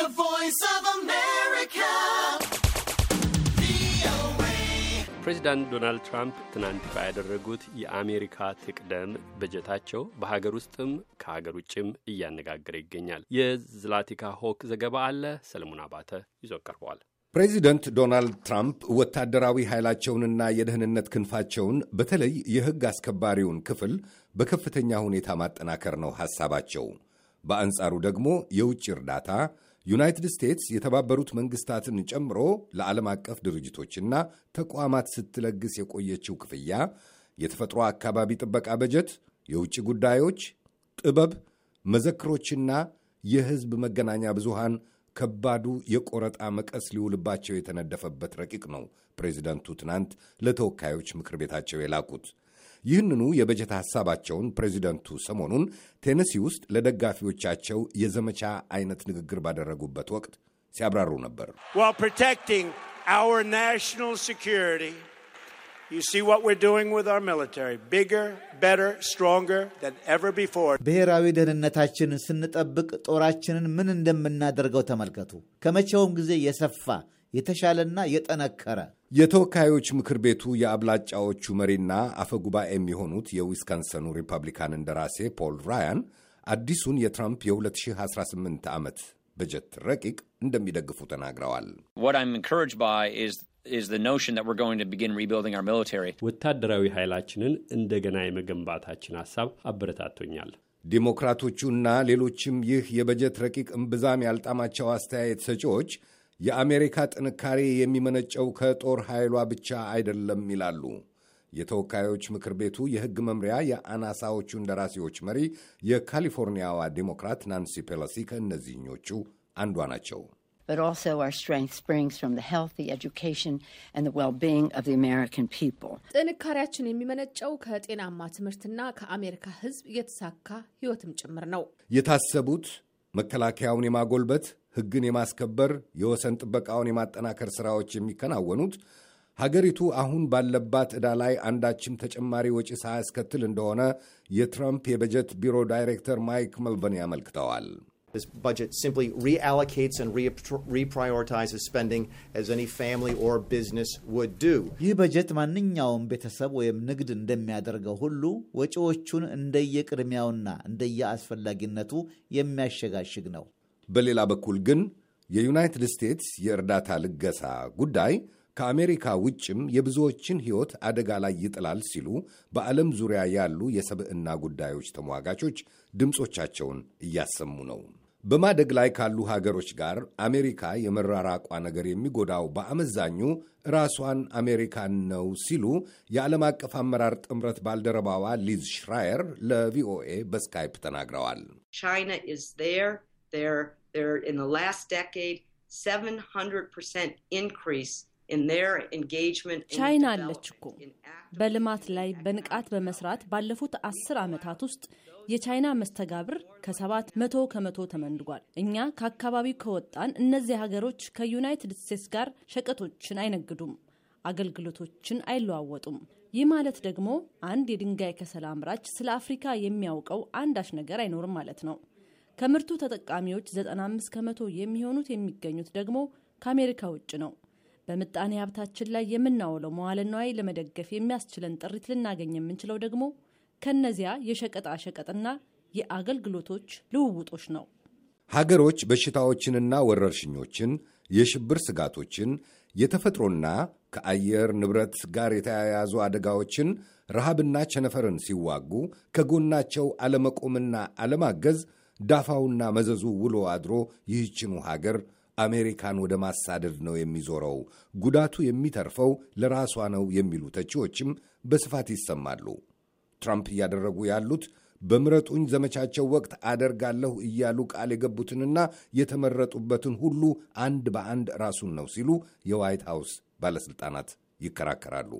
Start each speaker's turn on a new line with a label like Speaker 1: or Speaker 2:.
Speaker 1: The Voice of America. ፕሬዚዳንት ዶናልድ ትራምፕ ትናንት ይፋ ያደረጉት የአሜሪካ ትቅደም በጀታቸው በሀገር ውስጥም ከሀገር ውጭም እያነጋገረ ይገኛል። የዝላቲካ ሆክ ዘገባ አለ። ሰለሞን አባተ ይዞ ቀርበዋል። ፕሬዚደንት ዶናልድ ትራምፕ ወታደራዊ ኃይላቸውንና የደህንነት ክንፋቸውን በተለይ የሕግ አስከባሪውን ክፍል በከፍተኛ ሁኔታ ማጠናከር ነው ሐሳባቸው። በአንጻሩ ደግሞ የውጭ እርዳታ ዩናይትድ ስቴትስ የተባበሩት መንግስታትን ጨምሮ ለዓለም አቀፍ ድርጅቶችና ተቋማት ስትለግስ የቆየችው ክፍያ፣ የተፈጥሮ አካባቢ ጥበቃ በጀት፣ የውጭ ጉዳዮች፣ ጥበብ፣ መዘክሮችና የህዝብ መገናኛ ብዙሃን ከባዱ የቆረጣ መቀስ ሊውልባቸው የተነደፈበት ረቂቅ ነው ፕሬዚደንቱ ትናንት ለተወካዮች ምክር ቤታቸው የላኩት። ይህንኑ የበጀት ሐሳባቸውን ፕሬዚደንቱ ሰሞኑን ቴነሲ ውስጥ ለደጋፊዎቻቸው የዘመቻ አይነት ንግግር ባደረጉበት ወቅት ሲያብራሩ ነበር። ብሔራዊ ደህንነታችንን ስንጠብቅ ጦራችንን ምን እንደምናደርገው ተመልከቱ። ከመቼውም ጊዜ የሰፋ የተሻለና የጠነከረ የተወካዮች ምክር ቤቱ የአብላጫዎቹ መሪና አፈ ጉባኤ የሚሆኑት የዊስካንሰኑ ሪፐብሊካን እንደራሴ ፖል ራያን አዲሱን የትራምፕ የ2018 ዓመት በጀት ረቂቅ እንደሚደግፉ ተናግረዋል። ወታደራዊ ኃይላችንን እንደገና የመገንባታችን ሐሳብ አበረታቶኛል። ዲሞክራቶቹና ሌሎችም ይህ የበጀት ረቂቅ እምብዛም ያልጣማቸው አስተያየት ሰጪዎች የአሜሪካ ጥንካሬ የሚመነጨው ከጦር ኃይሏ ብቻ አይደለም ይላሉ የተወካዮች ምክር ቤቱ የሕግ መምሪያ የአናሳዎቹ እንደራሴዎች መሪ የካሊፎርኒያዋ ዲሞክራት ናንሲ ፔሎሲ ከእነዚህኞቹ አንዷ ናቸው።
Speaker 2: ጥንካሬያችን የሚመነጨው ከጤናማ ትምህርትና ከአሜሪካ ህዝብ የተሳካ ህይወትም ጭምር ነው።
Speaker 1: የታሰቡት መከላከያውን የማጎልበት ሕግን የማስከበር የወሰን ጥበቃውን የማጠናከር ሥራዎች የሚከናወኑት ሀገሪቱ አሁን ባለባት ዕዳ ላይ አንዳችም ተጨማሪ ወጪ ሳያስከትል እንደሆነ የትራምፕ የበጀት ቢሮ ዳይሬክተር ማይክ መልቨን ያመልክተዋል። ይህ በጀት ማንኛውም ቤተሰብ ወይም ንግድ እንደሚያደርገው ሁሉ ወጪዎቹን እንደየቅድሚያውና እንደየአስፈላጊነቱ የሚያሸጋሽግ ነው። በሌላ በኩል ግን የዩናይትድ ስቴትስ የእርዳታ ልገሳ ጉዳይ ከአሜሪካ ውጭም የብዙዎችን ሕይወት አደጋ ላይ ይጥላል ሲሉ በዓለም ዙሪያ ያሉ የሰብዕና ጉዳዮች ተሟጋቾች ድምፆቻቸውን እያሰሙ ነው። በማደግ ላይ ካሉ ሀገሮች ጋር አሜሪካ የመራራቋ ነገር የሚጎዳው በአመዛኙ ራሷን አሜሪካን ነው ሲሉ የዓለም አቀፍ አመራር ጥምረት ባልደረባዋ ሊዝ ሽራየር ለቪኦኤ በስካይፕ ተናግረዋል።
Speaker 2: they're they're in the last decade 700% increase in their engagement ቻይና አለች እኮ በልማት ላይ በንቃት በመስራት ባለፉት አስር ዓመታት ውስጥ የቻይና መስተጋብር ከሰባት መቶ ከመቶ ተመንድጓል። እኛ ከአካባቢው ከወጣን እነዚህ ሀገሮች ከዩናይትድ ስቴትስ ጋር ሸቀጦችን አይነግዱም፣ አገልግሎቶችን አይለዋወጡም። ይህ ማለት ደግሞ አንድ የድንጋይ ከሰል አምራች ስለ አፍሪካ የሚያውቀው አንዳች ነገር አይኖርም ማለት ነው። ከምርቱ ተጠቃሚዎች 95 ከመቶ የሚሆኑት የሚገኙት ደግሞ ከአሜሪካ ውጭ ነው። በምጣኔ ሀብታችን ላይ የምናውለው መዋለ ንዋይ ለመደገፍ የሚያስችለን ጥሪት ልናገኝ የምንችለው ደግሞ ከነዚያ የሸቀጣ ሸቀጥና የአገልግሎቶች ልውውጦች ነው።
Speaker 1: ሀገሮች በሽታዎችንና ወረርሽኞችን፣ የሽብር ስጋቶችን፣ የተፈጥሮና ከአየር ንብረት ጋር የተያያዙ አደጋዎችን፣ ረሃብና ቸነፈርን ሲዋጉ ከጎናቸው አለመቆምና አለማገዝ ዳፋውና መዘዙ ውሎ አድሮ ይህችኑ ሀገር አሜሪካን ወደ ማሳደድ ነው የሚዞረው፣ ጉዳቱ የሚተርፈው ለራሷ ነው የሚሉ ተቺዎችም በስፋት ይሰማሉ። ትራምፕ እያደረጉ ያሉት በምረጡኝ ዘመቻቸው ወቅት አደርጋለሁ እያሉ ቃል የገቡትንና የተመረጡበትን ሁሉ አንድ በአንድ ራሱን ነው ሲሉ የዋይት ሃውስ ባለሥልጣናት ይከራከራሉ።